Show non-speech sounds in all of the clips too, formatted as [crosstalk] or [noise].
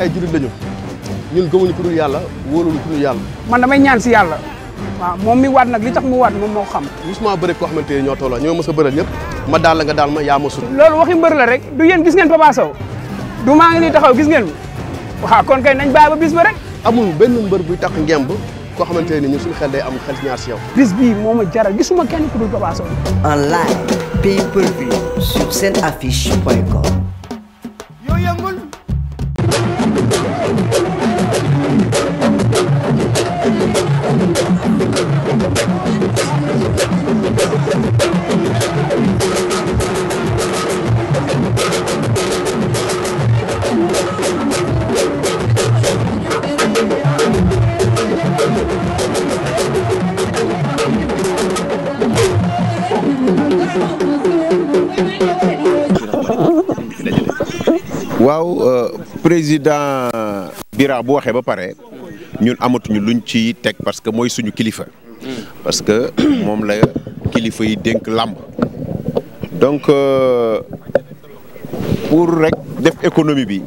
ay jullit lañu ñun gëmuñu ku dul yàlla wóoluñu ñaan si yàlla. waaw moom mi waat nag li tax mu waat moom moo xam. gisuma bëri koo xamante ne ñoo tolloo ñoo mës a bëral ñëpp ma daal la nga ma yaa ma sut. loolu waxi mbër la rek du yéen gis ngeen Papa Sow du taxaw gis ngeen waaw kon kay nañ bàyyi ba bis ba rek. amul benn mbër buy tax ngemb koo xamante ne ñun suñu xel am xel ñaar si yow. bis bii moo ma jaral gisuma kenn ku dul Papa Sow. en live pay seen affiche point waaw euh, président Bira bu waxee ba pare ñun amatuñu luñ ci teg parce que mooy suñu kilifa. parce que [clears throat] moom la kilifa yi dénk làmb. donc euh, pour rek def économie bi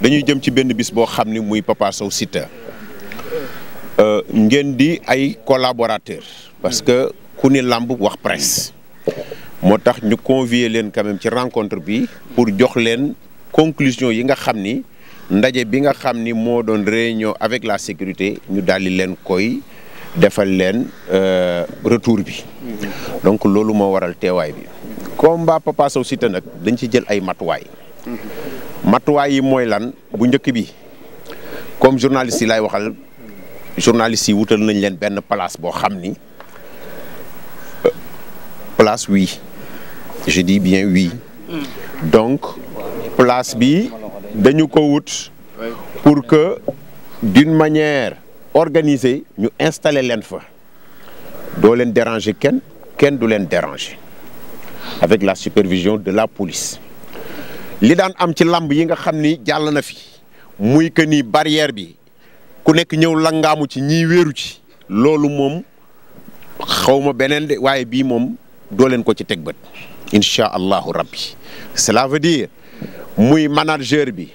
dañuy jëm ci benn bis boo xam ni muy Papa Sow Siteu euh, ngeen di ay collaborateurs. parce que ku ni làmb wax presse. moo tax ñu convier leen quand ci rencontre bi pour jox leen. conclusion yi nga xam ni ndaje bi nga xam ni moo doon réunion avec la sécurité ñu daal di leen koy defal leen euh, retour bi. donc loolu moo waral teewaay bi. combat Papa Sow Siteu nag dañ ci jël ay matuwaay. matuwaay yi mooy lan bu njëkk bi comme journaliste yi laay waxal journaliste yi wutal nañ leen benn place boo xam ni euh, place oui je dis bien oui. Mm. donc. place bi dañu ko wut pour que d'une manière organisée ñu installer leen fa doo leen déranger kenn kenn du leen déranger avec la supervision de la police li daan am ci làmb yi nga xam ni jàll na fi muy que ni barrière bi ku nekk ñëw langaamu ci ñiy wéeru ci loolu moom xawma beneen de waaye bii moom doo leen ko ci teg bët incha allahu rabbi cela veut dire muy manager bi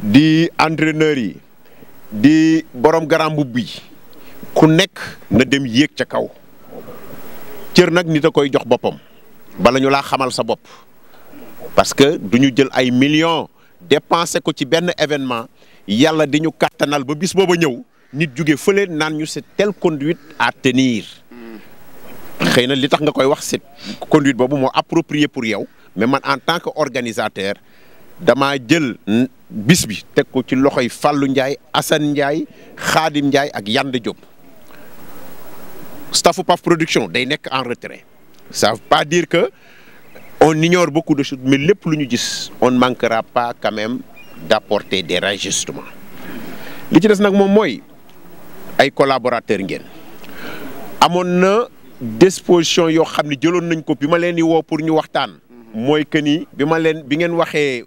di entraîneur yi di borom garam mbubb yi ku nekk na dem yéeg ca kaw cër nag nit a koy jox boppam bala ñu laa xamal sa bopp parce que du ñu jël ay millions dépensé ko ci benn événement yàlla di ñu kàttanal ba bis booba ñëw nit jóge fële naan ñu c'est telle conduite à tenir xëy na li tax nga koy wax c'est conduite boobu moo approprié pour yow mais man en tant que organisateur damaa jël bis bi teg ko ci loxoy fallu Ndiaye Assane Ndiaye Khadim Ndiaye ak Yande Diop staffu PAF production day nekk en retrait ça veut pas dire que on ignore beaucoup de choses mais lépp lu ñu gis on ne manquera pas quand même d'apporter des rajustements li ci des nag moom mooy ay collaborateurs ngeen amoon na disposition yoo xam ne jëloon nañ ko bi ma leen di woo pour ñu waxtaan mooy que nii bi ma leen bi ngeen waxee.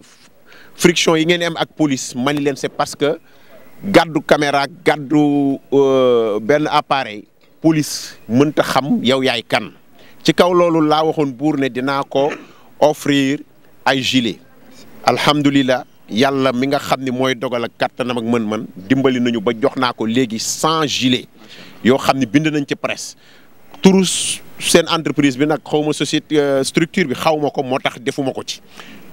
friction yi ngeen am ak police ma leen c'est parce que gàddu caméra gàddu euh, benn appareil police mënta xam yow yaay kan ci kaw loolu laa waxoon buur ne dinaa ko offrir ay gilet alhamdulilah yàlla mi nga xam ni mooy dogal ak kattanam ak mën man dimbali nañu ba jox naa ko léegi cent gilet yoo xam ne bind nañ ci presse turu seen entreprise bi nag xaw ma société euh, structure bi xaw ko moo tax defuma ko ci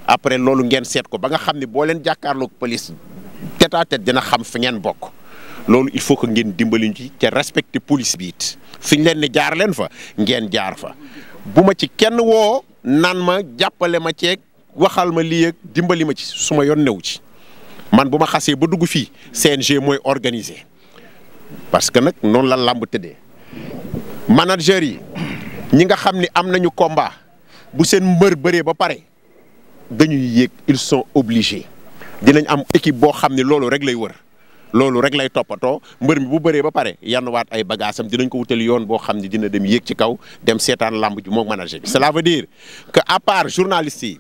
après loolu ngeen seet ko ba nga xam ni boo leen jàkkaarloog police tête à dina xam fi ngeen bokk loolu il faut que ngeen dimbali ñu ci te respecter police bi fi leen ne jaar leen fa ngeen jaar fa bu ma ci kenn woo naan ma jàppale ma ceeg waxal ma lii dimbali ma ci su ma yoon newu ci man bu ma xasee ba dugg fii CNG mooy organiser parce que nag noonu la làmb tëddee manager yi ñi nga xam ni am nañu combat bu seen mbër bëree ba pare. dañuy yéeg ils sont obligés dinañ am équipe boo xam ne loolu rek lay wër loolu rek lay toppatoo mbër mi bu bëree ba pare yann waat ay bagaasam dinañ ko wutali yoon boo xam ne dina dem yéeg ci kaw dem seetaan lamb ji moom manager bi. cela veut dire que à part journalistes yi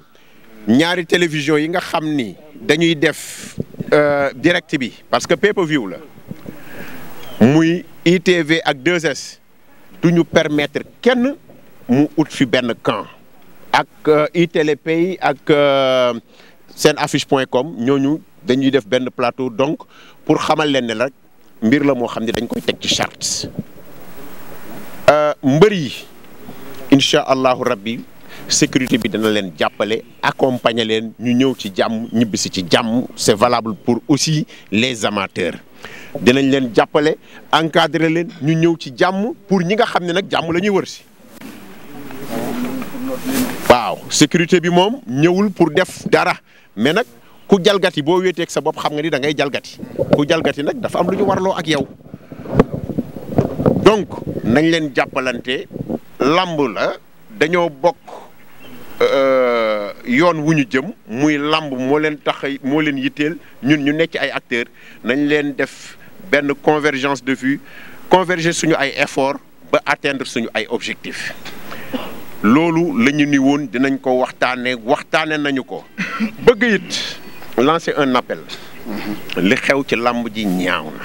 ñaari télévision yi nga xam ni dañuy def euh, direct bi parce que pay-per-view la muy ITV ak 2S ñu permettre kenn mu ut fi benn camp. ak euh, itelepay ak euh, seen affiche point com ñooñu dañuy def benn plateau donc pour xamal leen ne rek mbir la moo xam ne dañ koy teg ci charte euh, mbër yi incha allahu rabbi sécurité bi dina leen jàppale accompagner leen ñu ñëw ci jàmm ñibbisi ci jàmm c'est valable pour aussi les amateurs dinañ leen jàppale encadrer leen ñu ñëw ci jàmm pour ñi nga xam ne nag jàmm la ñuy wër si waaw sécurité bi moom ñëwul pour def dara mais nag ku jalgati boo wéeteeg sa bopp xam nga ni da ngay jalgati ku jalgati nag dafa am lu ñu warloo ak yow donc nañ leen jàppalante lamb la dañoo bokk. Euh, yoon wu ñu jëm muy lamb moo leen tax moo leen yitteel ñun ñu nekk ay acteurs nañ leen def benn convergence de vue converger suñu ay effort ba atteindre suñu ay objectifs loolu la ñu ni woon dinañ ko waxtaanee waxtaane nañu ko bëgg it lancer un appel li xew ci làmb ji ñaaw na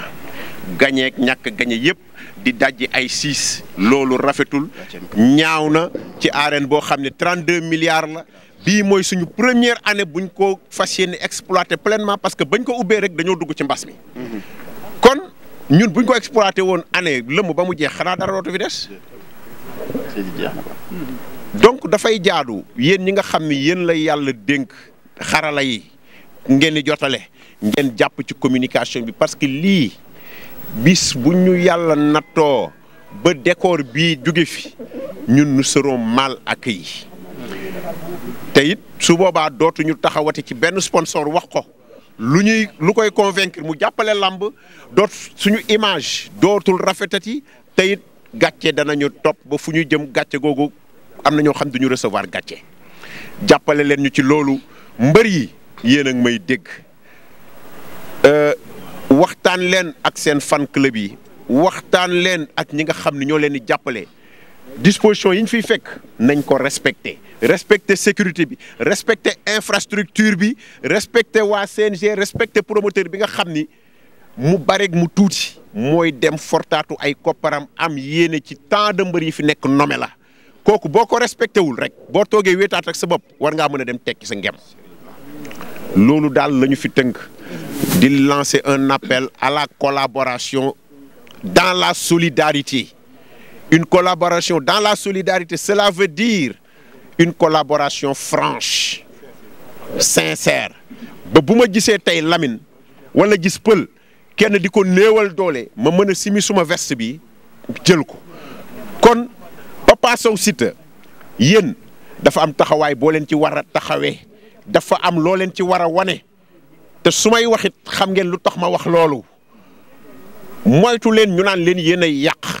gañeek ñàkk gañe yëpp di dajji ay siis loolu rafetul ñaaw na ci arène boo xam ne 32 milliards la bii mooy suñu première année buñ ko fas yéene exploité pleinement parce que bañ ko ubbee rek dañoo dugg ci mbas mi mhm. kon ñun buñ ko exploité woon année lëmm ba mu jeex xanaa dara dootu fi des donc dafay jaadu yéen ñi nga xam ni yéen la yàlla dénk xarala yi ngeen di jotale ngeen jàpp ci communication bi parce que lii bis bu ñu yàlla nattoo ba décor bii jóge fi ñun nous serons mal accueillis te it su boobaa dootuñu taxawati ci benn sponsor wax ko lu ñuy lu koy convaincre mu jàppale làmb doot suñu image dootul rafetati te gàcce danañu topp ba fu ñu jëm gàcce googu am na ñoo xam duñu recevoir gàcce jàppale leen ñu ci loolu mbër yi yéen a ngi may dégg euh, waxtaan leen ak seen fan club yi waxtaan leen ak ñi nga xam ne ñoo leen di jàppale disposition yi ñu fiy fekk nañ ko respecté respecté sécurité bi respecté infrastructure bi respecté waa CNG respecté promoteur bi nga xam ni. mu bare mu tuuti mooy dem fortaatu ay kopparam am yéene ci tant de mbër yi fi nekk nome la kooku boo ko respecté wul rek boo toogee wéetaat ak sa bopp war ngaa mën a dem tekki sa ngem loolu daal la ñu fi tënk di lancer un appel à la collaboration dans la solidarité une collaboration dans la solidarité cela veut dire une collaboration franche sincère ba bu ma gisee tey Lamine wala gis Pël kenn di ko néewal doole ma mën a simi suma vest bi jël ko kon Papa Sow Siteu yéen dafa am taxawaay boo leen ci war a taxawee dafa am loo leen ci war a wane te su may waxit xam ngeen lu tax ma wax loolu moytu leen ñu naan leen yéen ay yàq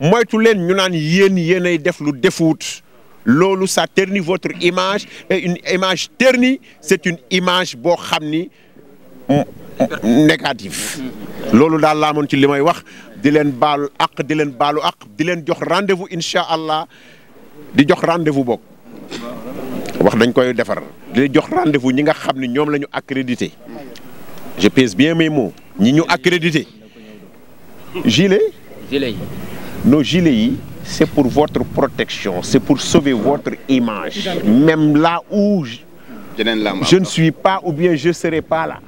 moytu leen ñu naan yéen yéen ay def lu defuut loolu ça ternit votre image et une image ternie c'est une image boo xam ni. négatif loolu daal laa ci li may wax di leen baalu àq di leen baalu àq di leen jox rendez-vous incha allah di jox rendez-vous boog wax dañ koy defar di jox rendez-vous ñi nga xam ni ñoom la ñu accrédité je pèse bien mes mots ñi ñu accrédité gilet yi nos gilets yi c'est pour votre protection c'est pour sauver votre image même là où je ne suis pas ou bien je serai pas là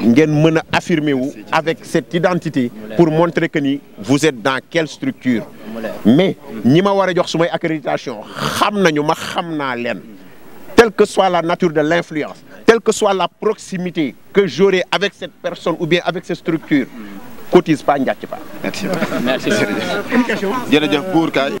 ngeen mën a affirmer wu avec cette identité pour montrer que ni vous êtes dans quelle structure mais ñi ma war a jox sumay accréditation xam nañu ma xam naa leen telle que soit la nature de l'influence telle que soit la proximité que j'aurai avec cette personne ou bien avec cette structure cotise pas njàcc pas. merci jërëjëf